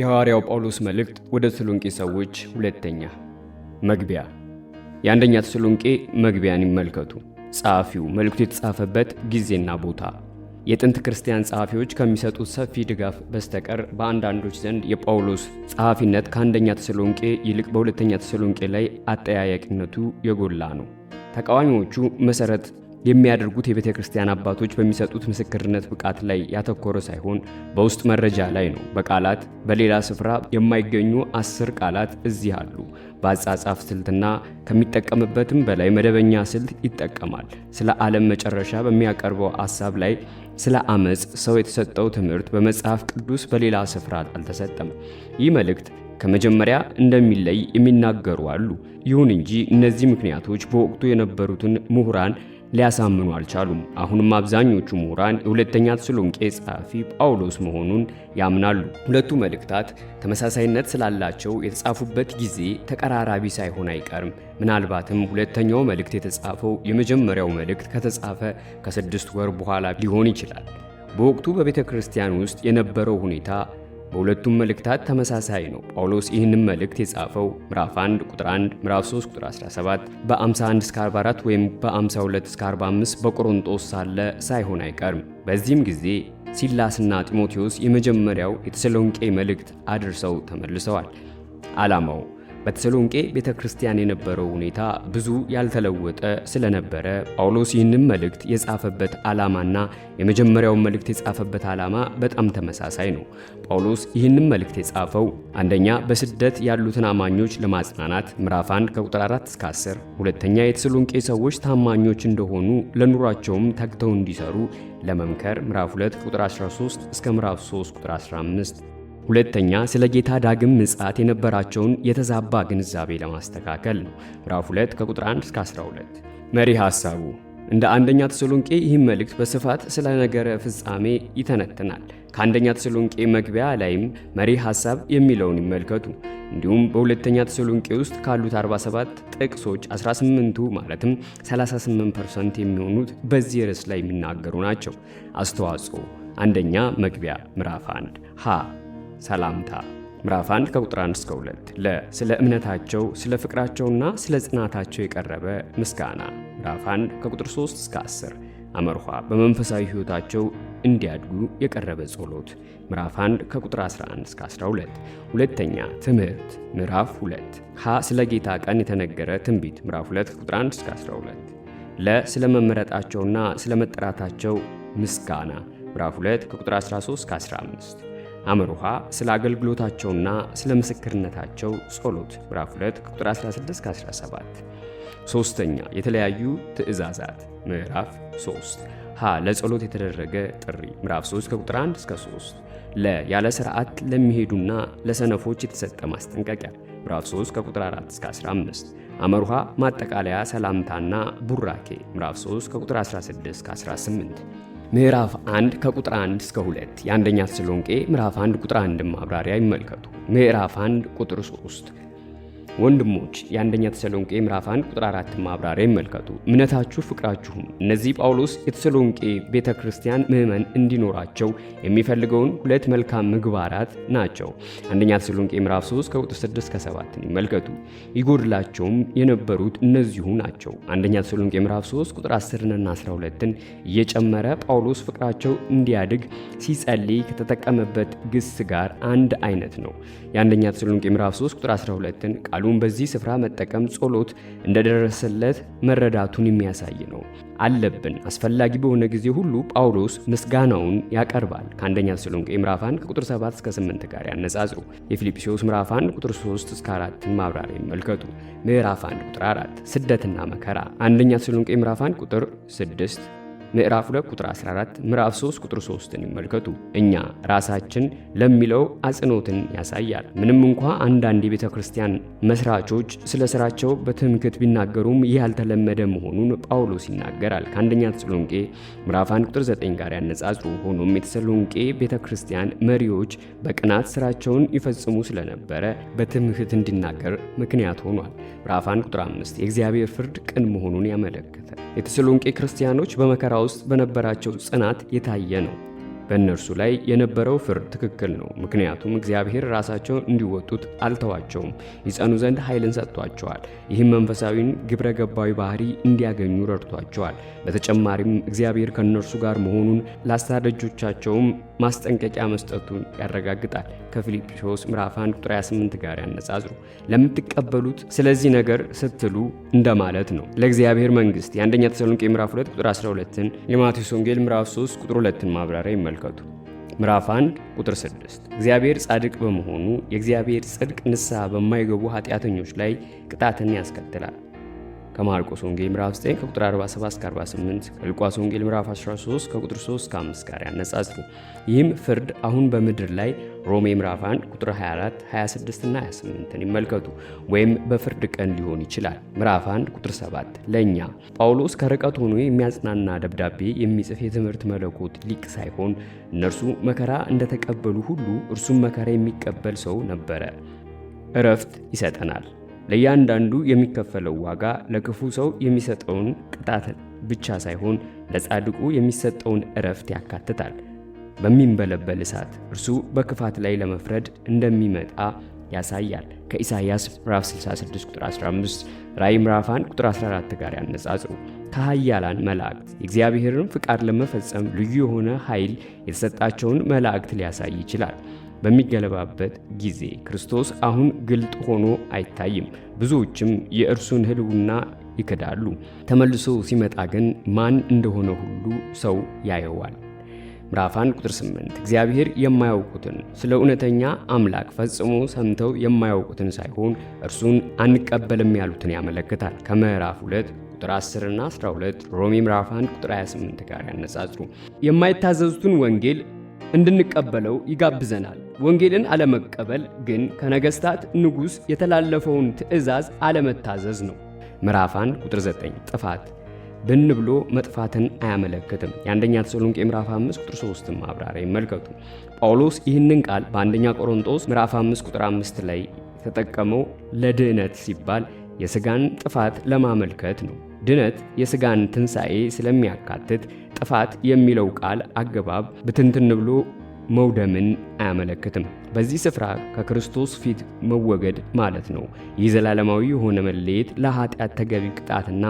የሐዋርያው ጳውሎስ መልእክት ወደ ተሰሎንቄ ሰዎች ሁለተኛ መግቢያ የአንደኛ ተሰሎንቄ መግቢያን ይመልከቱ። ጸሐፊው መልእክቱ የተጻፈበት ጊዜና ቦታ የጥንት ክርስቲያን ጸሐፊዎች ከሚሰጡት ሰፊ ድጋፍ በስተቀር በአንዳንዶች ዘንድ የጳውሎስ ጸሐፊነት ከአንደኛ ተሰሎንቄ ይልቅ በሁለተኛ ተሰሎንቄ ላይ አጠያያቂነቱ የጎላ ነው። ተቃዋሚዎቹ መሠረት የሚያደርጉት የቤተ ክርስቲያን አባቶች በሚሰጡት ምስክርነት ብቃት ላይ ያተኮረ ሳይሆን በውስጥ መረጃ ላይ ነው። በቃላት በሌላ ስፍራ የማይገኙ አስር ቃላት እዚህ አሉ። በአጻጻፍ ስልትና ከሚጠቀምበትም በላይ መደበኛ ስልት ይጠቀማል። ስለ ዓለም መጨረሻ በሚያቀርበው ሐሳብ ላይ ስለ አመፅ ሰው የተሰጠው ትምህርት በመጽሐፍ ቅዱስ በሌላ ስፍራ አልተሰጠም። ይህ መልእክት ከመጀመሪያ እንደሚለይ የሚናገሩ አሉ። ይሁን እንጂ እነዚህ ምክንያቶች በወቅቱ የነበሩትን ምሁራን ሊያሳምኑ አልቻሉም። አሁንም አብዛኞቹ ምሁራን የሁለተኛ ተሰሎንቄ ጸሐፊ ጳውሎስ መሆኑን ያምናሉ። ሁለቱ መልእክታት ተመሳሳይነት ስላላቸው የተጻፉበት ጊዜ ተቀራራቢ ሳይሆን አይቀርም። ምናልባትም ሁለተኛው መልእክት የተጻፈው የመጀመሪያው መልእክት ከተጻፈ ከስድስት ወር በኋላ ሊሆን ይችላል። በወቅቱ በቤተ ክርስቲያን ውስጥ የነበረው ሁኔታ በሁለቱም መልእክታት ተመሳሳይ ነው። ጳውሎስ ይህንን መልእክት የጻፈው ምዕራፍ 1 ቁጥር 1፣ ምራፍ 3 ቁጥር 17፣ በ51 እስከ 44 ወይም በ52 እስከ 45 በቆሮንጦስ ሳለ ሳይሆን አይቀርም። በዚህም ጊዜ ሲላስና ጢሞቴዎስ የመጀመሪያው የተሰሎንቄ መልእክት አድርሰው ተመልሰዋል። ዓላማው በተሰሎንቄ ቤተ ክርስቲያን የነበረው ሁኔታ ብዙ ያልተለወጠ ስለነበረ ጳውሎስ ይህንም መልእክት የጻፈበት ዓላማና የመጀመሪያውን መልእክት የጻፈበት ዓላማ በጣም ተመሳሳይ ነው። ጳውሎስ ይህንም መልእክት የጻፈው አንደኛ በስደት ያሉትን አማኞች ለማጽናናት ምዕራፍ 1 ከቁጥር 4 እስከ 10፣ ሁለተኛ የተሰሎንቄ ሰዎች ታማኞች እንደሆኑ ለኑሯቸውም ተግተው እንዲሰሩ ለመምከር ምዕራፍ 2 ቁጥር 13 እስከ ምዕራፍ 3 ቁጥር 15 ሁለተኛ ስለ ጌታ ዳግም ምጽአት የነበራቸውን የተዛባ ግንዛቤ ለማስተካከል ነው። ምዕራፍ 2 ከቁጥር 1 እስከ 12 መሪ ሐሳቡ እንደ አንደኛ ተሰሎንቄ ይህም መልእክት በስፋት ስለ ነገረ ፍጻሜ ይተነትናል። ከአንደኛ ተሰሎንቄ መግቢያ ላይም መሪ ሐሳብ የሚለውን ይመልከቱ። እንዲሁም በሁለተኛ ተሰሎንቄ ውስጥ ካሉት 47 ጥቅሶች 18ቱ ማለትም 38% የሚሆኑት በዚህ ርዕስ ላይ የሚናገሩ ናቸው። አስተዋጽኦ አንደኛ መግቢያ ምዕራፍ 1 ሀ ሰላምታ ምዕራፍ 1 ከቁጥር 1 እስከ 2 ለ ስለ እምነታቸው ስለ ፍቅራቸውና ስለ ጽናታቸው የቀረበ ምስጋና ምዕራፍ 1 ከቁጥር 3 እስከ 10 አመርኋ በመንፈሳዊ ሕይወታቸው እንዲያድጉ የቀረበ ጸሎት ምዕራፍ 1 ከቁጥር 11 እስከ 12 ሁለተኛ ትምህርት ምዕራፍ 2 ሀ ስለ ጌታ ቀን የተነገረ ትንቢት ምዕራፍ 2 ከቁጥር 1 እስከ 12 ለ ስለ መመረጣቸውና ስለ መጠራታቸው ምስጋና ምዕራፍ 2 ከቁጥር 13 እስከ 15 አመሩሃ ስለ አገልግሎታቸውና ስለ ምስክርነታቸው ጸሎት ምዕራፍ 2 ቁጥር 16 17። ሶስተኛ የተለያዩ ትእዛዛት ምዕራፍ 3 ሀ ለጸሎት የተደረገ ጥሪ ምዕራፍ 3 ከቁጥር 1 እስከ 3 ለ ያለ ስርዓት ለሚሄዱና ለሰነፎች የተሰጠ ማስጠንቀቂያ ምዕራፍ 3 ከቁጥር 4 እስከ 15 አመርሃ ማጠቃለያ ሰላምታና ቡራኬ ምዕራፍ 3 ከቁጥር 16 እስከ 18 ምዕራፍ 1 ከቁጥር 1 እስከ 2 የአንደኛ ተሰሎንቄ ምዕራፍ 1 ቁጥር 1 ማብራሪያ ይመልከቱ። ምዕራፍ 1 ቁጥር 3 ወንድሞች የአንደኛ ተሰሎንቄ ምዕራፍ 1 ቁጥር 4 ማብራሪያ ይመልከቱ። እምነታችሁ ፍቅራችሁም። እነዚህ ጳውሎስ የተሰሎንቄ ቤተ ክርስቲያን ምዕመን እንዲኖራቸው የሚፈልገውን ሁለት መልካም ምግባራት ናቸው። አንደኛ ተሰሎንቄ ምዕራፍ 3 ከቁጥር 6 ከ 7 ይመልከቱ። ይጎድላቸውም የነበሩት እነዚሁ ናቸው። አንደኛ ተሰሎንቄ ምዕራፍ 3 ቁጥር 10ና 12ን እየጨመረ ጳውሎስ ፍቅራቸው እንዲያድግ ሲጸልይ ከተጠቀመበት ግስ ጋር አንድ አይነት ነው። የአንደኛ ተሰሎንቄ ምዕራፍ 3 ቁጥር 12 ቃሉ መኖሩን በዚህ ስፍራ መጠቀም ጸሎት እንደደረሰለት መረዳቱን የሚያሳይ ነው። አለብን አስፈላጊ በሆነ ጊዜ ሁሉ ጳውሎስ ምስጋናውን ያቀርባል። ከአንደኛ ተሰሎንቄ ምዕራፍ 1 ቁጥር 7 እስከ 8 ጋር ያነጻጽሩ። የፊልጵስዩስ ምዕራፍ 1 ቁጥር 3 እስከ 4 ማብራሪያ ይመልከቱ። ምዕራፍ 1 ቁጥር 4 ስደትና መከራ፣ አንደኛ ተሰሎንቄ ምዕራፍ 1 ቁጥር 6 ምዕራፍ 2 ቁጥር 14፣ ምዕራፍ 3 ቁጥር 3ን ይመልከቱ። እኛ ራሳችን ለሚለው አጽንኦትን ያሳያል። ምንም እንኳ አንዳንድ የቤተ ክርስቲያን መስራቾች ስለ ስራቸው በትምክት ቢናገሩም ይህ ያልተለመደ መሆኑን ጳውሎስ ይናገራል። ከአንደኛ ተሰሎንቄ ምዕራፍ 1 ቁጥር 9 ጋር ያነጻጽሩ። ሆኖም የተሰሎንቄ ቤተ ክርስቲያን መሪዎች በቅናት ስራቸውን ይፈጽሙ ስለነበረ በትምክት እንዲናገር ምክንያት ሆኗል። ምዕራፍ 1 ቁጥር 5 የእግዚአብሔር ፍርድ ቅን መሆኑን ያመለክታል። የተሰሎንቄ ክርስቲያኖች በመከራ ውስጥ በነበራቸው ጽናት የታየ ነው። በእነርሱ ላይ የነበረው ፍርድ ትክክል ነው፣ ምክንያቱም እግዚአብሔር ራሳቸውን እንዲወጡት አልተዋቸውም፣ ይጸኑ ዘንድ ኃይልን ሰጥቷቸዋል። ይህም መንፈሳዊን ግብረ ገባዊ ባህሪ እንዲያገኙ ረድቷቸዋል። በተጨማሪም እግዚአብሔር ከእነርሱ ጋር መሆኑን ላስታደጆቻቸውም ማስጠንቀቂያ መስጠቱን ያረጋግጣል። ከፊልጵሶስ ምዕራፍ 1 ቁጥር 28 ጋር ያነጻጽሩ። ለምትቀበሉት ስለዚህ ነገር ስትሉ እንደማለት ነው። ለእግዚአብሔር መንግሥት የአንደኛ ተሰሎንቄ ምዕራፍ 2 ቁጥር 12ን የማቴዎስ ወንጌል ምዕራፍ 3 ቁጥር 2ን ማብራሪያ ይመልከቱ። ምዕራፍ 1 ቁጥር 6 እግዚአብሔር ጻድቅ በመሆኑ የእግዚአብሔር ጽድቅ ንስሐ በማይገቡ ኃጢአተኞች ላይ ቅጣትን ያስከትላል። ከማርቆስ ወንጌል ምዕራፍ 9 ከቁጥር 47 እስከ 48 ከሉቃስ ወንጌል ምዕራፍ 13 ከቁጥር 3 እስከ 5 ጋር ያነጻጽሩ። ይህም ፍርድ አሁን በምድር ላይ ሮሜ ምዕራፍ 1 ቁጥር 24፣ 26 እና 28ን ይመልከቱ። ወይም በፍርድ ቀን ሊሆን ይችላል። ምዕራፍ 1 ቁጥር 7 ለእኛ ጳውሎስ ከርቀት ሆኖ የሚያጽናና ደብዳቤ የሚጽፍ የትምህርት መለኮት ሊቅ ሳይሆን እነርሱ መከራ እንደተቀበሉ ሁሉ እርሱም መከራ የሚቀበል ሰው ነበረ። እረፍት ይሰጠናል። ለእያንዳንዱ የሚከፈለው ዋጋ ለክፉ ሰው የሚሰጠውን ቅጣት ብቻ ሳይሆን ለጻድቁ የሚሰጠውን እረፍት ያካትታል። በሚንበለበል እሳት እርሱ በክፋት ላይ ለመፍረድ እንደሚመጣ ያሳያል። ከኢሳይያስ ምዕራፍ 66 ቁጥር 15 ራእይ ምዕራፍ 1 ቁጥር 14 ጋር ያነጻጽሩ። ከኃያላን መላእክት የእግዚአብሔርን ፍቃድ ለመፈጸም ልዩ የሆነ ኃይል የተሰጣቸውን መላእክት ሊያሳይ ይችላል። በሚገለባበት ጊዜ ክርስቶስ አሁን ግልጥ ሆኖ አይታይም። ብዙዎችም የእርሱን ሕልውና ይክዳሉ። ተመልሶ ሲመጣ ግን ማን እንደሆነ ሁሉ ሰው ያየዋል። ምዕራፍ 1 ቁጥር 8 እግዚአብሔር የማያውቁትን ስለ እውነተኛ አምላክ ፈጽሞ ሰምተው የማያውቁትን ሳይሆን እርሱን አንቀበልም ያሉትን ያመለክታል። ከምዕራፍ 2 ቁጥር 10 እና 12 ሮሜ ምዕራፍ 1 ቁጥር 28 ጋር ያነጻጽሩ። የማይታዘዙትን ወንጌል እንድንቀበለው ይጋብዘናል። ወንጌልን አለመቀበል ግን ከነገሥታት ንጉሥ የተላለፈውን ትእዛዝ አለመታዘዝ ነው። ምዕራፍ 1 ቁጥር 9 ጥፋት ብን ብሎ መጥፋትን አያመለክትም። የአንደኛ ተሰሎንቄ ምዕራፍ 5 ቁጥር 3 ማብራሪያ ይመልከቱ። ጳውሎስ ይህንን ቃል በአንደኛ ቆሮንቶስ ምዕራፍ 5 ቁጥር 5 ላይ ተጠቀመው ለድህነት ሲባል የሥጋን ጥፋት ለማመልከት ነው። ድነት የሥጋን ትንሣኤ ስለሚያካትት ጥፋት የሚለው ቃል አገባብ ብትንትን ብሎ መውደምን አያመለክትም። በዚህ ስፍራ ከክርስቶስ ፊት መወገድ ማለት ነው። ይህ ዘላለማዊ የሆነ መለየት ለኃጢአት ተገቢ ቅጣትና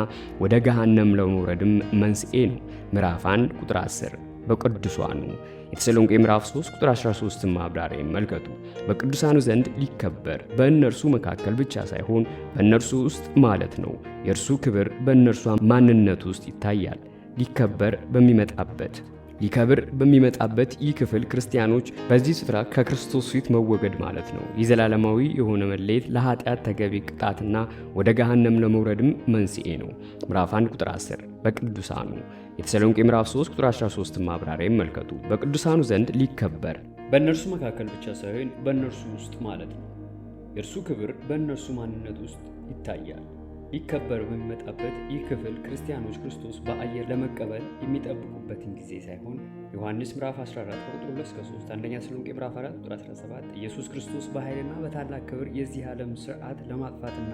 ወደ ገሃነም ለመውረድም መንስኤ ነው። ምዕራፍ 1 ቁጥር 10 በቅዱሳኑ የተሰሎንቄ ምዕራፍ 3 ቁጥር 13 ማብራሪያ ይመልከቱ። በቅዱሳኑ ዘንድ ሊከበር በእነርሱ መካከል ብቻ ሳይሆን በእነርሱ ውስጥ ማለት ነው። የእርሱ ክብር በእነርሷ ማንነት ውስጥ ይታያል። ሊከበር በሚመጣበት ሊከብር በሚመጣበት ይህ ክፍል ክርስቲያኖች በዚህ ስፍራ ከክርስቶስ ፊት መወገድ ማለት ነው። የዘላለማዊ የሆነ መለየት ለኃጢአት ተገቢ ቅጣትና ወደ ገሃነም ለመውረድም መንስኤ ነው። ምዕራፍ 1 ቁጥር 10 በቅዱሳኑ የተሰሎንቄ ምዕራፍ 3 ቁጥር 13 ማብራሪያ ይመልከቱ። በቅዱሳኑ ዘንድ ሊከበር በእነርሱ መካከል ብቻ ሳይሆን በእነርሱ ውስጥ ማለት ነው። የእርሱ ክብር በእነርሱ ማንነት ውስጥ ይታያል። ሊከበር በሚመጣበት ይህ ክፍል ክርስቲያኖች ክርስቶስ በአየር ለመቀበል የሚጠብቁ የነበረበትን ጊዜ ሳይሆን ዮሐንስ ምዕራፍ 14 ቁጥር 2 እስከ 3፣ አንደኛ ተሰሎንቄ ምዕራፍ 4 ቁጥር 17 ኢየሱስ ክርስቶስ በኃይልና በታላቅ ክብር የዚህ ዓለም ስርዓት ለማጥፋትና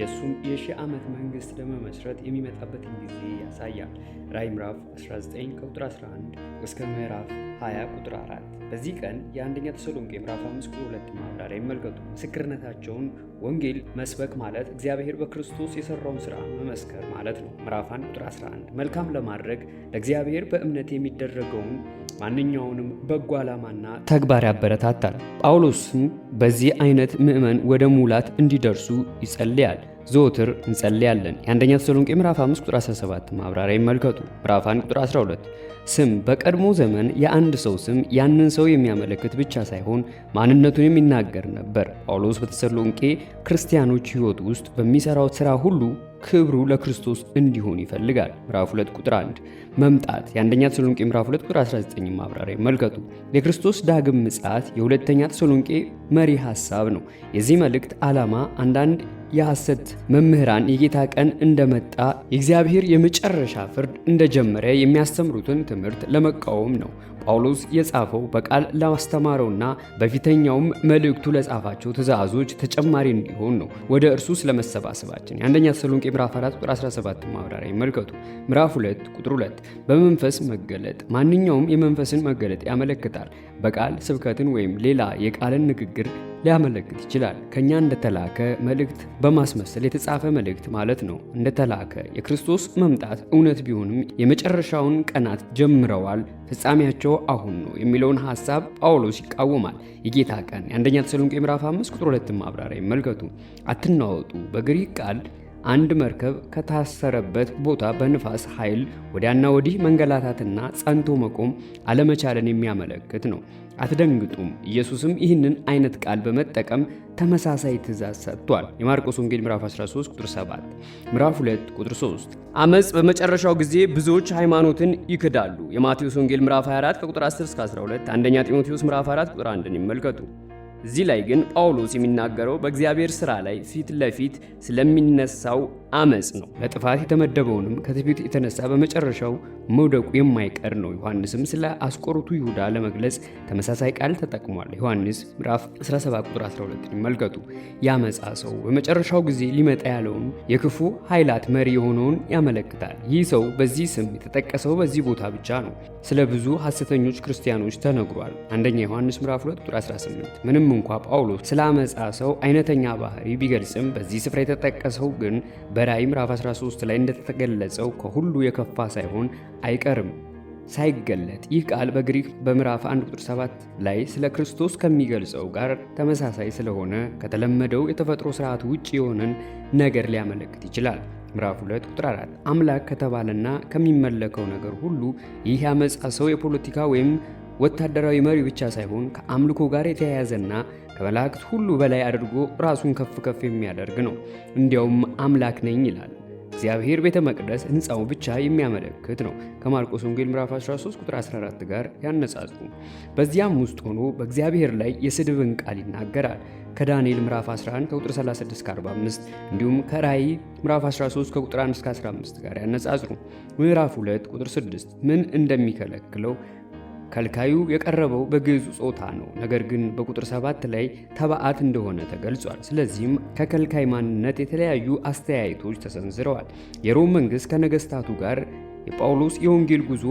የእሱም የሺህ ዓመት መንግሥት ለመመስረት የሚመጣበትን ጊዜ ያሳያል። ራይ ምዕራፍ 19 ቁጥር 11 እስከ ምዕራፍ 20 ቁጥር 4። በዚህ ቀን የአንደኛ ተሰሎንቄ ምዕራፍ 5 ቁጥር 2 ማብራሪያ ይመልከቱ። ምስክርነታቸውን ወንጌል መስበክ ማለት እግዚአብሔር በክርስቶስ የሰራውን ሥራ መመስከር ማለት ነው። ምዕራፍ 1 ቁጥር 11 መልካም ለማድረግ ለእግዚአብሔር በእምነት የሚደረገውን ማንኛውንም በጎ ዓላማና ተግባር ያበረታታል። ጳውሎስም በዚህ አይነት ምዕመን ወደ ሙላት እንዲደርሱ ይጸልያል። ዘወትር እንጸልያለን። የአንደኛ ተሰሎንቄ ምዕራፍ 5 ቁጥር 17 ማብራሪያ ይመልከቱ። ምዕራፍ 1 ቁጥር 12 ስም በቀድሞ ዘመን የአንድ ሰው ስም ያንን ሰው የሚያመለክት ብቻ ሳይሆን ማንነቱን የሚናገር ነበር። ጳውሎስ በተሰሎንቄ ክርስቲያኖች ሕይወት ውስጥ በሚሠራው ሥራ ሁሉ ክብሩ ለክርስቶስ እንዲሆን ይፈልጋል። ምዕራፍ 2 ቁጥር 1 መምጣት የአንደኛ ተሰሎንቄ ምዕራፍ 2 ቁጥር 19 ማብራሪያ መልከቱ። የክርስቶስ ዳግም ምጽአት የሁለተኛ ተሰሎንቄ መሪ ሐሳብ ነው። የዚህ መልእክት ዓላማ አንዳንድ የሐሰት መምህራን የጌታ ቀን እንደመጣ የእግዚአብሔር የመጨረሻ ፍርድ እንደጀመረ የሚያስተምሩትን ትምህርት ለመቃወም ነው ጳውሎስ የጻፈው። በቃል ላስተማረውና በፊተኛውም መልእክቱ ለጻፋቸው ትእዛዞች ተጨማሪ እንዲሆን ነው። ወደ እርሱ ስለመሰባሰባችን የአንደኛ ተሰሎንቄ ምዕራፍ 4 ቁጥር 17 ማብራሪያ ይመልከቱ። ምዕራፍ 2 ቁጥር 2 በመንፈስ መገለጥ ማንኛውም የመንፈስን መገለጥ ያመለክታል። በቃል ስብከትን ወይም ሌላ የቃልን ንግግር ሊያመለክት ይችላል። ከእኛ እንደተላከ መልእክት በማስመሰል የተጻፈ መልእክት ማለት ነው። እንደተላከ የክርስቶስ መምጣት እውነት ቢሆንም የመጨረሻውን ቀናት ጀምረዋል፣ ፍጻሜያቸው አሁን ነው የሚለውን ሐሳብ ጳውሎስ ይቃወማል። የጌታ ቀን የአንደኛ ተሰሎንቄ ምዕራፍ 5 ቁጥር 2 ማብራሪያ ይመልከቱ። አትናወጡ በግሪክ ቃል አንድ መርከብ ከታሰረበት ቦታ በንፋስ ኃይል ወዲያና ወዲህ መንገላታትና ጸንቶ መቆም አለመቻልን የሚያመለክት ነው። አትደንግጡም። ኢየሱስም ይህንን አይነት ቃል በመጠቀም ተመሳሳይ ትእዛዝ ሰጥቷል። የማርቆስ ወንጌል ምዕራፍ 13 ቁጥር 7፣ ምዕራፍ 2 ቁጥር 3። አመፅ በመጨረሻው ጊዜ ብዙዎች ሃይማኖትን ይክዳሉ። የማቴዎስ ወንጌል ምዕራፍ 24 ከቁጥር 10 እስከ 12፣ አንደኛ ጢሞቴዎስ ምዕራፍ 4 ቁጥር 1ን ይመልከቱ። እዚህ ላይ ግን ጳውሎስ የሚናገረው በእግዚአብሔር ሥራ ላይ ፊት ለፊት ስለሚነሳው አመፅ ነው። ለጥፋት የተመደበውንም ከትፊት የተነሳ በመጨረሻው መውደቁ የማይቀር ነው። ዮሐንስም ስለ አስቆሮቱ ይሁዳ ለመግለጽ ተመሳሳይ ቃል ተጠቅሟል። ዮሐንስ ምዕራፍ 17 ቁጥር 12 ይመልከቱ። ያመፃ ሰው በመጨረሻው ጊዜ ሊመጣ ያለውን የክፉ ኃይላት መሪ የሆነውን ያመለክታል። ይህ ሰው በዚህ ስም የተጠቀሰው በዚህ ቦታ ብቻ ነው። ስለ ብዙ ሐሰተኞች ክርስቲያኖች ተነግሯል። አንደኛ ዮሐንስ ምዕራፍ 2 ቁጥር 18 ምንም ምንም እንኳ ጳውሎስ ስለ አመፃ ሰው አይነተኛ ባህሪ ቢገልጽም በዚህ ስፍራ የተጠቀሰው ግን በራእይ ምዕራፍ 13 ላይ እንደተገለጸው ከሁሉ የከፋ ሳይሆን አይቀርም ሳይገለጥ ይህ ቃል በግሪክ በምዕራፍ 1 ቁጥር 7 ላይ ስለ ክርስቶስ ከሚገልጸው ጋር ተመሳሳይ ስለሆነ ከተለመደው የተፈጥሮ ስርዓት ውጭ የሆነን ነገር ሊያመለክት ይችላል። ምዕራፍ 2 ቁጥር 4 አምላክ ከተባለና ከሚመለከው ነገር ሁሉ ይህ ያመፃ ሰው የፖለቲካ ወይም ወታደራዊ መሪ ብቻ ሳይሆን ከአምልኮ ጋር የተያያዘና ከመላእክት ሁሉ በላይ አድርጎ ራሱን ከፍ ከፍ የሚያደርግ ነው። እንዲያውም አምላክ ነኝ ይላል። እግዚአብሔር ቤተ መቅደስ ሕንፃው ብቻ የሚያመለክት ነው። ከማርቆስ ወንጌል ምዕራፍ 13 ቁጥር 14 ጋር ያነጻጽሩ። በዚያም ውስጥ ሆኖ በእግዚአብሔር ላይ የስድብን ቃል ይናገራል። ከዳንኤል ምዕራፍ 11 ከቁጥር 36 45 እንዲሁም ከራይ ምዕራፍ 13 ከቁጥር 1 እስከ 15 ጋር ያነጻጽሩ። ምዕራፍ 2 ቁጥር 6 ምን እንደሚከለክለው ከልካዩ የቀረበው በግዕዙ ጾታ ነው። ነገር ግን በቁጥር ሰባት ላይ ተባዓት እንደሆነ ተገልጿል። ስለዚህም ከከልካይ ማንነት የተለያዩ አስተያየቶች ተሰንዝረዋል። የሮም መንግሥት ከነገሥታቱ ጋር የጳውሎስ የወንጌል ጉዞ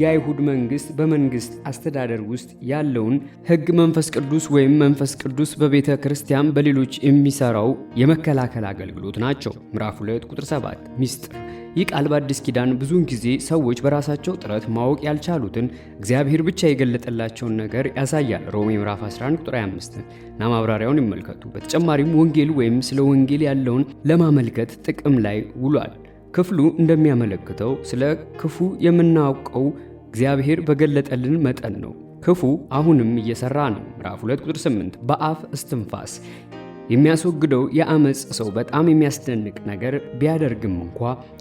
የአይሁድ መንግሥት በመንግሥት አስተዳደር ውስጥ ያለውን ሕግ መንፈስ ቅዱስ ወይም መንፈስ ቅዱስ በቤተ ክርስቲያን በሌሎች የሚሠራው የመከላከል አገልግሎት ናቸው። ምዕራፍ 2 ቁጥር 7 ሚስጥር ይህ ቃል በአዲስ ኪዳን ብዙውን ጊዜ ሰዎች በራሳቸው ጥረት ማወቅ ያልቻሉትን እግዚአብሔር ብቻ የገለጠላቸውን ነገር ያሳያል። ሮሜ ምዕራፍ 11 ቁጥር 25 እና ማብራሪያውን ይመልከቱ። በተጨማሪም ወንጌል ወይም ስለ ወንጌል ያለውን ለማመልከት ጥቅም ላይ ውሏል። ክፍሉ እንደሚያመለክተው ስለ ክፉ የምናውቀው እግዚአብሔር በገለጠልን መጠን ነው። ክፉ አሁንም እየሰራ ነው። ምዕራፍ 2 ቁጥር 8 በአፍ እስትንፋስ የሚያስወግደው የአመፅ ሰው በጣም የሚያስደንቅ ነገር ቢያደርግም እንኳ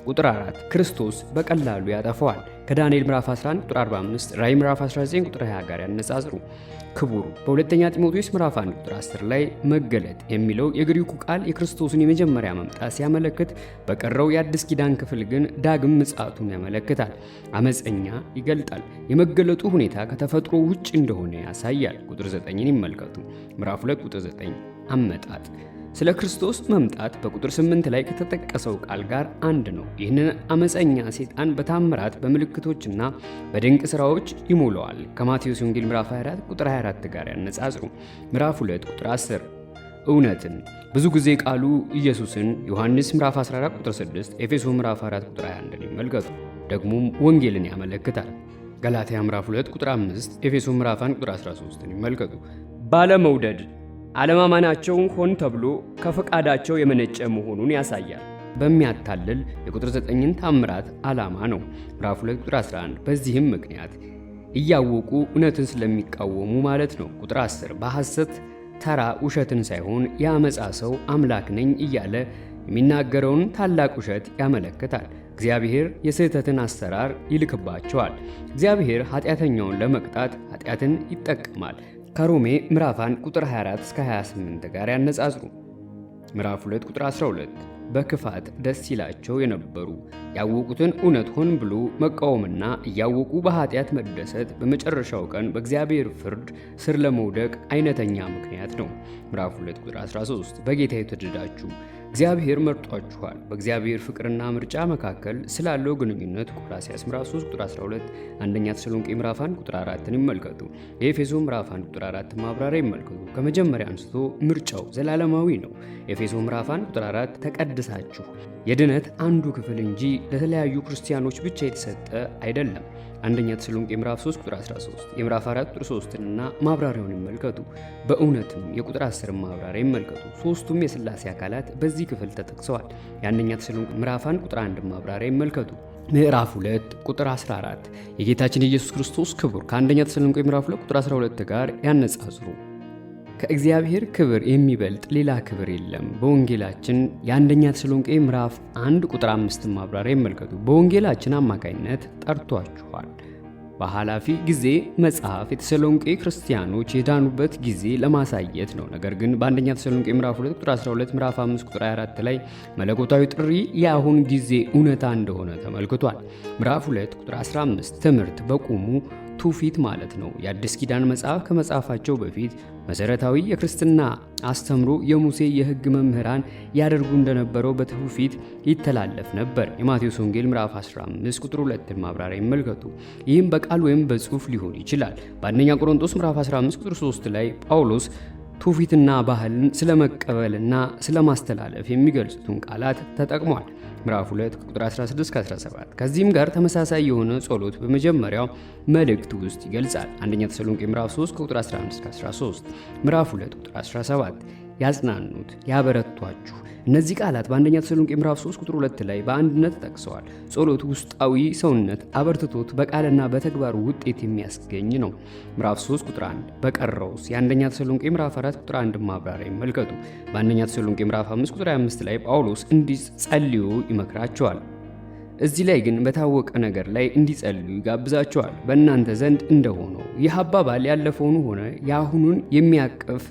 ቁጥር 4 ክርስቶስ በቀላሉ ያጠፈዋል። ከዳንኤል ምዕራፍ 11 ቁጥር 45፣ ራይ ምዕራፍ 19 ቁጥር 20 ጋር ያነጻጽሩ። ክቡር በሁለተኛ ጢሞቴዎስ ምዕራፍ 1 ቁጥር 10 ላይ መገለጥ የሚለው የግሪኩ ቃል የክርስቶስን የመጀመሪያ መምጣት ሲያመለክት፣ በቀረው የአዲስ ኪዳን ክፍል ግን ዳግም ምጽአቱን ያመለክታል። አመፀኛ ይገልጣል። የመገለጡ ሁኔታ ከተፈጥሮ ውጭ እንደሆነ ያሳያል። ቁጥር 9ን ይመልከቱ። ምዕራፍ 2 ቁጥር 9 አመጣጥ ስለ ክርስቶስ መምጣት በቁጥር 8 ላይ ከተጠቀሰው ቃል ጋር አንድ ነው። ይህንን አመፀኛ ሴጣን በታምራት በምልክቶችና በድንቅ ስራዎች ይሞለዋል። ከማቴዎስ ወንጌል ምዕራፍ 24 ቁጥር 24 ጋር ያነጻጽሩ። ምዕራፍ 2 ቁጥር 10 እውነትን ብዙ ጊዜ ቃሉ ኢየሱስን ዮሐንስ ምዕራፍ 14 ቁጥር 6፣ ኤፌሶ ምዕራፍ 4 ቁጥር 21 ይመልከቱ። ደግሞም ወንጌልን ያመለክታል። ገላትያ ምዕራፍ 2 ቁጥር 5፣ ኤፌሶ ምዕራፍ 1 ቁጥር 13 ይመልከቱ። ባለመውደድ አለማማናቸው ሆን ተብሎ ከፈቃዳቸው የመነጨ መሆኑን ያሳያል። በሚያታልል የቁጥር 9ን ታምራት ዓላማ ነው። ምዕራፍ 2 ቁጥር 11 በዚህም ምክንያት እያወቁ እውነትን ስለሚቃወሙ ማለት ነው። ቁጥር 10 በሐሰት ተራ ውሸትን ሳይሆን ያመፃ ሰው አምላክ ነኝ እያለ የሚናገረውን ታላቅ ውሸት ያመለክታል። እግዚአብሔር የስህተትን አሰራር ይልክባቸዋል። እግዚአብሔር ኃጢአተኛውን ለመቅጣት ኃጢአትን ይጠቀማል። ከሮሜ ምዕራፍ 1 ቁጥር 24 እስከ 28 ጋር ያነጻጽሩ። ምዕራፍ 2 ቁጥር 12 በክፋት ደስ ይላቸው የነበሩ ያወቁትን እውነት ሆን ብሎ መቃወምና እያወቁ በኃጢአት መደሰት በመጨረሻው ቀን በእግዚአብሔር ፍርድ ስር ለመውደቅ አይነተኛ ምክንያት ነው። ምዕራፍ 2 ቁጥር 13 በጌታ የተወደዳችሁ እግዚአብሔር መርጧችኋል። በእግዚአብሔር ፍቅርና ምርጫ መካከል ስላለው ግንኙነት ቆላሲያስ ምዕራፍ 3 ቁጥር 12፣ አንደኛ ተሰሎንቄ ምዕራፍ 1 ቁጥር 4ን ይመልከቱ። የኤፌሶ ምዕራፍ 1 ቁጥር 4 ማብራሪያ ይመልከቱ። ከመጀመሪያ አንስቶ ምርጫው ዘላለማዊ ነው። ኤፌሶ ምዕራፍ 1 ቁጥር 4 ተቀድሳችሁ የድነት አንዱ ክፍል እንጂ ለተለያዩ ክርስቲያኖች ብቻ የተሰጠ አይደለም። አንደኛ ተሰሎንቄ ምዕራፍ 3 ቁጥር 13 የምዕራፍ 4 ቁጥር 3 እና ማብራሪያውን ይመልከቱ። በእውነትም የቁጥር 10 ማብራሪያ ይመልከቱ። ሶስቱም የስላሴ አካላት በዚህ ክፍል ተጠቅሰዋል። የአንደኛ ተሰሎንቄ ምዕራፍ 1 ቁጥር 1 ማብራሪያ ይመልከቱ። ምዕራፍ 2 ቁጥር 14 የጌታችን ኢየሱስ ክርስቶስ ክብር ከአንደኛ ተሰሎንቄ ምዕራፍ 2 ቁጥር 12 ጋር ያነጻጽሩ። ከእግዚአብሔር ክብር የሚበልጥ ሌላ ክብር የለም። በወንጌላችን የአንደኛ ተሰሎንቄ ምዕራፍ 1 ቁጥር 5 ማብራሪያ ይመልከቱ። በወንጌላችን አማካኝነት ጠርቷችኋል በኃላፊ ጊዜ መጽሐፍ የተሰሎንቄ ክርስቲያኖች የዳኑበት ጊዜ ለማሳየት ነው። ነገር ግን በአንደኛ ተሰሎንቄ ምዕራፍ 2 ቁጥር 12፣ ምዕራፍ 5 ቁጥር 24 ላይ መለኮታዊ ጥሪ የአሁን ጊዜ እውነታ እንደሆነ ተመልክቷል። ምዕራፍ 2 ቁጥር 15 ትምህርት በቁሙ ትውፊት ማለት ነው። የአዲስ ኪዳን መጽሐፍ ከመጽሐፋቸው በፊት መሠረታዊ የክርስትና አስተምሮ የሙሴ የሕግ መምህራን ያደርጉ እንደነበረው በትውፊት ይተላለፍ ነበር። የማቴዎስ ወንጌል ምዕራፍ 15 ቁጥር 2 ማብራሪያ ይመልከቱ። ይህም በቃል ወይም በጽሑፍ ሊሆን ይችላል። በአንደኛ ቆሮንቶስ ምዕራፍ 15 ቁጥር 3 ላይ ጳውሎስ ትውፊትና ባህልን ስለመቀበልና ስለማስተላለፍ የሚገልጹትን ቃላት ተጠቅሟል። ምዕራፍ 2 ቁጥር 16-17 ከዚህም ጋር ተመሳሳይ የሆነ ጸሎት በመጀመሪያው መልእክት ውስጥ ይገልጻል። አንደኛ ተሰሎንቄ ምዕራፍ 3 ቁጥር 11-13 ምዕራፍ 2 ቁጥር 17 ያጽናኑት፣ ያበረቷችሁ። እነዚህ ቃላት በአንደኛ ተሰሎንቄ ምዕራፍ 3 ቁጥር 2 ላይ በአንድነት ተጠቅሰዋል። ጸሎት ውስጣዊ ሰውነት አበርትቶት በቃልና በተግባር ውጤት የሚያስገኝ ነው። ምዕራፍ 3 ቁጥር 1 በቀረውስ የአንደኛ ተሰሎንቄ ምዕራፍ 4 ቁጥር 1 ማብራሪያ ይመልከቱ። በአንደኛ ተሰሎንቄ ምዕራፍ 5 ቁጥር 25 ላይ ጳውሎስ እንዲጸልዩ ይመክራቸዋል። እዚህ ላይ ግን በታወቀ ነገር ላይ እንዲጸልዩ ይጋብዛቸዋል። በእናንተ ዘንድ እንደሆነው ይህ አባባል ያለፈውን ሆነ የአሁኑን የሚያቅፍ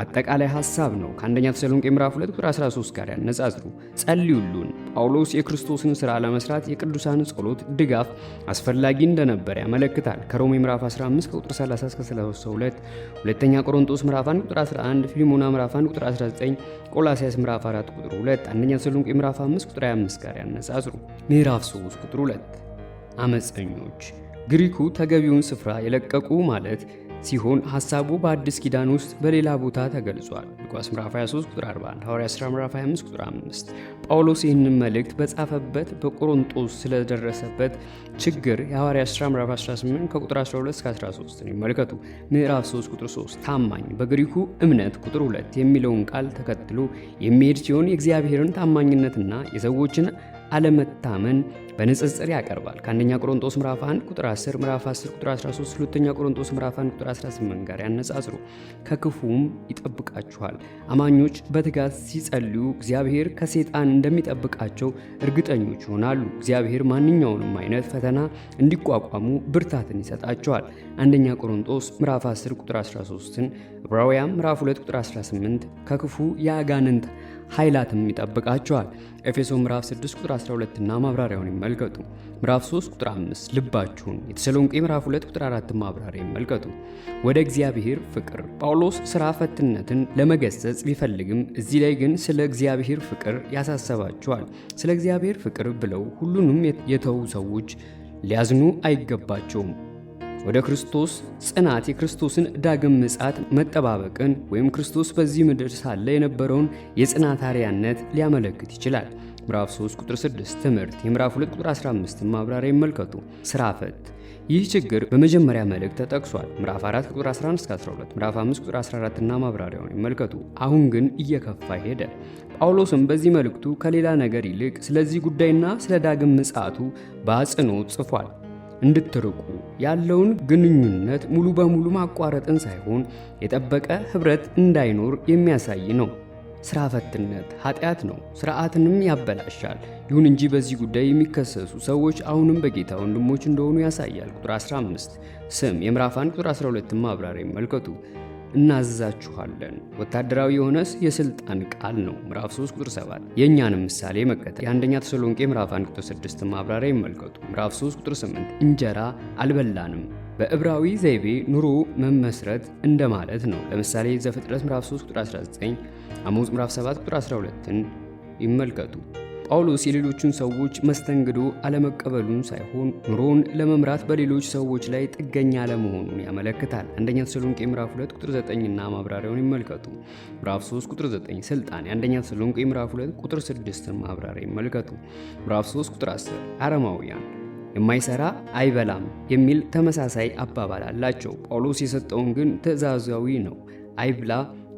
አጠቃላይ ሐሳብ ነው። ከአንደኛ ተሰሎንቄ ምዕራፍ 2 ቁጥር 13 ጋር ያነጻጽሩ። ጸልዩልን። ጳውሎስ የክርስቶስን ሥራ ለመስራት የቅዱሳን ጸሎት ድጋፍ አስፈላጊ እንደነበር ያመለክታል። ከሮሜ ምዕራፍ 15 ቁጥር 30 እስከ 32፣ ሁለተኛ ቆሮንቶስ ምዕራፍ 1 ቁጥር 11፣ ፊልሞና ምዕራፍ 1 ቁጥር 19፣ ቆላሲያስ ምዕራፍ 4 ቁጥር 2፣ አንደኛ ተሰሎንቄ ምዕራፍ 5 ቁጥር 25 ጋር ያነጻጽሩ። ምዕራፍ 3 ቁጥር 2 አመፀኞች ግሪኩ ተገቢውን ስፍራ የለቀቁ ማለት ሲሆን ሐሳቡ በአዲስ ኪዳን ውስጥ በሌላ ቦታ ተገልጿል። ሉቃስ ምዕራፍ 23 ቁጥር 41፣ ሐዋርያት ሥራ ምዕራፍ 25 ቁጥር 5። ጳውሎስ ይህንን መልእክት በጻፈበት በቆሮንጦስ ስለደረሰበት ችግር የሐዋርያት ሥራ ምዕራፍ 18 ከቁጥር 12 እስከ 13 ነው ይመልከቱ። ምዕራፍ 3 ቁጥር 3 ታማኝ በግሪኩ እምነት ቁጥር 2 የሚለውን ቃል ተከትሎ የሚሄድ ሲሆን የእግዚአብሔርን ታማኝነትና የሰዎችን አለመታመን በንጽጽር ያቀርባል። ከአንደኛ ቆሮንጦስ ምራፍ 1 ቁጥር 10፣ ምራፍ 10 ቁጥር 13፣ ሁለተኛ ቆሮንጦስ ምራፍ 1 ቁጥር 18 ጋር ያነጻጽሩ። ከክፉም ይጠብቃችኋል። አማኞች በትጋት ሲጸልዩ እግዚአብሔር ከሴጣን እንደሚጠብቃቸው እርግጠኞች ይሆናሉ። እግዚአብሔር ማንኛውንም አይነት ፈተና እንዲቋቋሙ ብርታትን ይሰጣቸዋል። አንደኛ ቆሮንጦስ ምራፍ 10 ቁጥር 13ን፣ ዕብራውያን ምራፍ 2 ቁጥር 18 ከክፉ የአጋንንት ኃይላትም ይጠብቃቸዋል። ኤፌሶ ምዕራፍ 6 ቁጥር 12 እና ማብራሪያውን ይመልከቱ። ምዕራፍ 3 ቁጥር 5 ልባችሁን፣ የተሰሎንቄ ምዕራፍ 2 ቁጥር 4 ማብራሪያ ይመልከቱ። ወደ እግዚአብሔር ፍቅር ጳውሎስ ስራ ፈትነትን ለመገሰጽ ቢፈልግም እዚህ ላይ ግን ስለ እግዚአብሔር ፍቅር ያሳሰባቸዋል። ስለ እግዚአብሔር ፍቅር ብለው ሁሉንም የተዉ ሰዎች ሊያዝኑ አይገባቸውም። ወደ ክርስቶስ ጽናት የክርስቶስን ዳግም ምጻት መጠባበቅን ወይም ክርስቶስ በዚህ ምድር ሳለ የነበረውን የጽናት አርያነት ሊያመለክት ይችላል። ምዕራፍ 3 ቁጥር 6 ትምህርት የምዕራፍ 2 ቁጥር 15 ማብራሪያ ይመልከቱ። ስራ ፈት ይህ ችግር በመጀመሪያ መልእክት ተጠቅሷል። ምዕራፍ 4 ቁጥር 11 እስከ 12፣ ምዕራፍ 5 ቁጥር 14 እና ማብራሪያውን ይመልከቱ። አሁን ግን እየከፋ ሄደ። ጳውሎስም በዚህ መልእክቱ ከሌላ ነገር ይልቅ ስለዚህ ጉዳይና ስለ ዳግም ምጻቱ በአጽንኦት ጽፏል። እንድትርቁ ያለውን ግንኙነት ሙሉ በሙሉ ማቋረጥን ሳይሆን የጠበቀ ህብረት እንዳይኖር የሚያሳይ ነው። ስራፈትነት ፈትነት ኃጢአት ነው፣ ስርዓትንም ያበላሻል። ይሁን እንጂ በዚህ ጉዳይ የሚከሰሱ ሰዎች አሁንም በጌታ ወንድሞች እንደሆኑ ያሳያል። ቁጥር 15 ስም የምዕራፍ 1 ቁጥር 12 ማብራሪያ ይመልከቱ። እናዝዛችኋለን። ወታደራዊ የሆነስ የስልጣን ቃል ነው። ምዕራፍ 3 ቁጥር 7 የእኛንም ምሳሌ መከተል የአንደኛ ተሰሎንቄ ምዕራፍ 1 ቁጥር 6 ማብራሪያ ይመልከቱ። ምዕራፍ 3 ቁጥር 8 እንጀራ አልበላንም በዕብራዊ ዘይቤ ኑሮ መመስረት እንደማለት ነው። ለምሳሌ ዘፍጥረት ምዕራፍ 3 ቁጥር 19፣ አሞጽ ምዕራፍ 7 ቁጥር 12ን ይመልከቱ። ጳውሎስ የሌሎችን ሰዎች መስተንግዶ አለመቀበሉን ሳይሆን ኑሮን ለመምራት በሌሎች ሰዎች ላይ ጥገኛ አለመሆኑን ያመለክታል። አንደኛ ተሰሎንቄ ምዕራፍ 2 ቁጥር 9ና ማብራሪያውን ይመልከቱ። ምዕራፍ 3 ቁጥር 9 ስልጣን፣ አንደኛ ተሰሎንቄ ምዕራፍ 2 ቁጥር 6 ማብራሪያ ይመልከቱ። ምዕራፍ 3 ቁጥር 10 አረማውያን የማይሰራ አይበላም የሚል ተመሳሳይ አባባል አላቸው። ጳውሎስ የሰጠውን ግን ትእዛዛዊ ነው አይብላ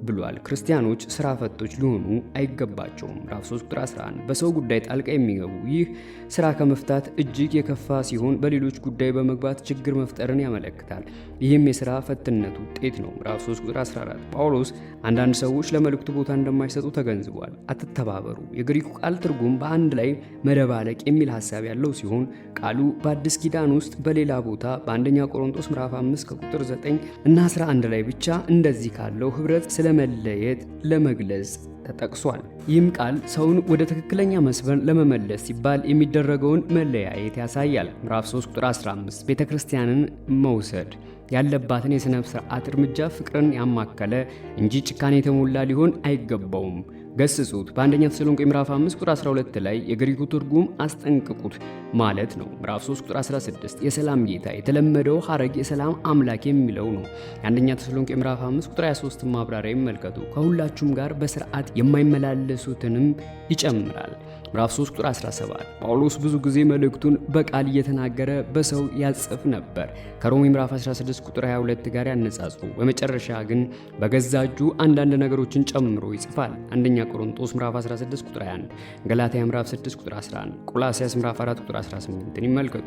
ብሏል። ክርስቲያኖች ስራ ፈቶች ሊሆኑ አይገባቸውም። ራፍ 3 ቁጥር 11 በሰው ጉዳይ ጣልቃ የሚገቡ ይህ ስራ ከመፍታት እጅግ የከፋ ሲሆን በሌሎች ጉዳይ በመግባት ችግር መፍጠርን ያመለክታል። ይህም የስራ ፈትነት ውጤት ነው። ራፍ 3 ቁጥር 14 ጳውሎስ አንዳንድ ሰዎች ለመልእክቱ ቦታ እንደማይሰጡ ተገንዝቧል። አትተባበሩ። የግሪኩ ቃል ትርጉም በአንድ ላይ መደባለቅ የሚል ሀሳብ ያለው ሲሆን ቃሉ በአዲስ ኪዳን ውስጥ በሌላ ቦታ በአንደኛ ቆሮንቶስ ምዕራፍ 5 ከቁጥር 9 እና 11 ላይ ብቻ እንደዚህ ካለው ህብረት ስለመለየት ለመግለጽ ተጠቅሷል። ይህም ቃል ሰውን ወደ ትክክለኛ መስመር ለመመለስ ሲባል የሚደረገውን መለያየት ያሳያል። ምዕራፍ 3 ቁጥር 15 ቤተ ክርስቲያንን መውሰድ ያለባትን የሥነ ሥርዓት እርምጃ ፍቅርን ያማከለ እንጂ ጭካኔ የተሞላ ሊሆን አይገባውም። ገስጹት በአንደኛ ተሰሎንቄ ምዕራፍ 5 ቁጥር 12 ላይ የግሪኩ ትርጉም አስጠንቅቁት ማለት ነው። ምዕራፍ 3 ቁጥር 16 የሰላም ጌታ የተለመደው ሐረግ የሰላም አምላክ የሚለው ነው። የአንደኛ ተሰሎንቄ ምዕራፍ 5 ቁጥር 23 ማብራሪያ ይመልከቱ። ከሁላችሁም ጋር በስርዓት የማይመላለሱትንም ይጨምራል። ምዕራፍ 3 ቁጥር 17። ጳውሎስ ብዙ ጊዜ መልእክቱን በቃል እየተናገረ በሰው ያጽፍ ነበር። ከሮሜ ምዕራፍ 16 ቁጥር 22 ጋር ያነጻጽሩ። በመጨረሻ ግን በገዛ እጁ አንዳንድ ነገሮችን ጨምሮ ይጽፋል። አንደኛ ቆሮንቶስ ምዕራፍ 16 ቁጥር 21፣ ገላትያ ምዕራፍ 6 ቁጥር 11፣ ቆላሲያስ ምዕራፍ 4 ቁጥር 18ን ይመልከቱ።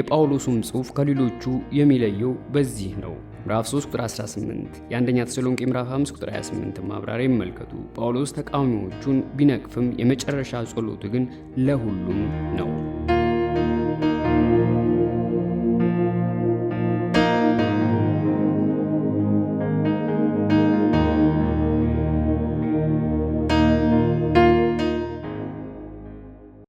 የጳውሎስም ጽሑፍ ከሌሎቹ የሚለየው በዚህ ነው። ምዕራፍ 3 ቁጥር 18፣ የአንደኛ ተሰሎንቄ ምዕራፍ 5 ቁጥር 28 ማብራሪያ ይመልከቱ። ጳውሎስ ተቃዋሚዎቹን ቢነቅፍም የመጨረሻ ጸሎቱ ግን ለሁሉም ነው።